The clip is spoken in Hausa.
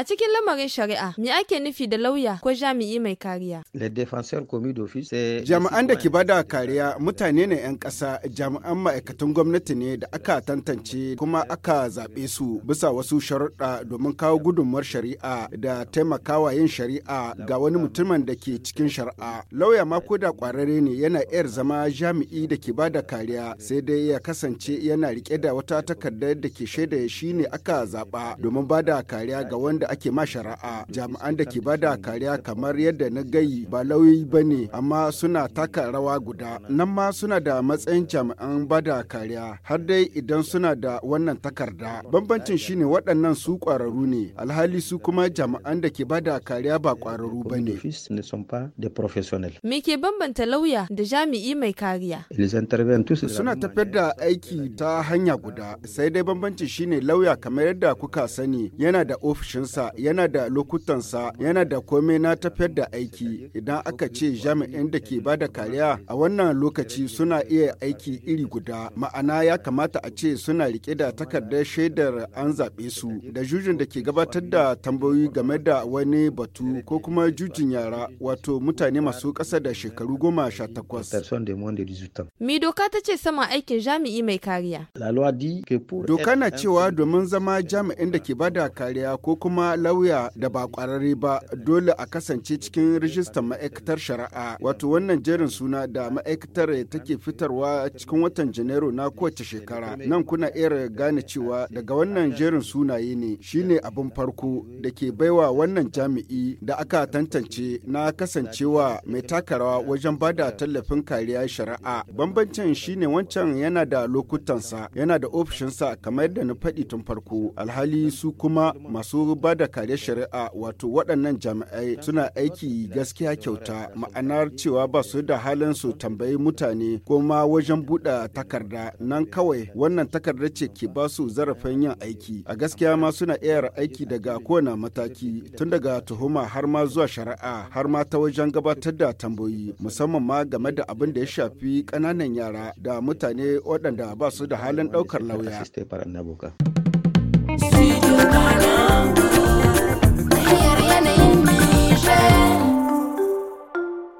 A cikin lamarin shari'a, me ake nufi da lauya ko jami'i mai kariya? Jami'an da ke bada kariya mutane ne 'yan ƙasa, jami'an ma'aikatan gwamnati ne da aka tantance kuma aka zaɓe su bisa wasu sharuɗa domin kawo gudunmuwar shari'a da taimakawa yin shari'a ga wani mutumin da ke cikin shari'a. Lauya ma ko da ƙwararre ne yana iya zama jami'i da ke bada kariya sai dai ya kasance yana rike da wata takardar da ke shaida shi ne aka zaɓa domin bada kariya ga wanda ake ma shari'a jami'an da ke bada kariya kamar yadda na gayi ba lauyi ba ne amma suna taka rawa guda nan ma suna da matsayin jami'an bada kariya har dai idan suna da wannan takarda bambancin shine waɗannan su ƙwararru ne alhali su kuma jami'an da ke bada kariya ba ƙwararru ba ne. Me ke bambanta lauya da jami'i mai kariya? Suna tafiyar da aiki ta hanya guda sai dai bambancin shine lauya kamar yadda kuka sani yana da ofishinsa sa yana da lokutansa yana da komai na tafiyar da aiki idan aka ce jami'in da ke bada kariya a wannan lokaci suna iya aiki iri guda ma'ana ya kamata a ce suna rike da takardar shaidar an zaɓe su da jujin da ke gabatar da tambayoyi game da wani batu ko kuma jujin yara wato mutane masu ƙasa da shekaru goma sha takwas. Mi doka ta ce sama aikin jami'i mai kariya? Doka na cewa domin zama jami'in da ke bada kariya ko kuma lauya da ba kwararre ba dole a kasance cikin rijistar ma'aikatar shari'a wato wannan jerin suna da ma'aikatar take fitarwa cikin watan janairu na kowace shekara nan kuna iya gane cewa daga wannan jerin sunaye ne shine abin farko da ke baiwa wannan jami'i da aka tantance na kasancewa mai takarawa wajen bada tallafin kariya shari'a bambancin shine wancan yana da lokutansa yana da ofishinsa kamar da na faɗi tun farko alhali su kuma masu ba da kare shari'a wato waɗannan jami'ai suna aiki gaskiya kyauta ma'anar cewa ba su da halin su tambayi mutane ko ma wajen buɗe takarda nan kawai wannan takarda ce ke ba su zarafin yin aiki a gaskiya ma suna iya aiki daga kowane mataki tun daga tuhuma har ma zuwa shari'a har ma ta wajen gabatar da tambayoyi musamman ma game da abin da ya shafi ƙananan yara da mutane waɗanda ba su da halin ɗaukar lauya.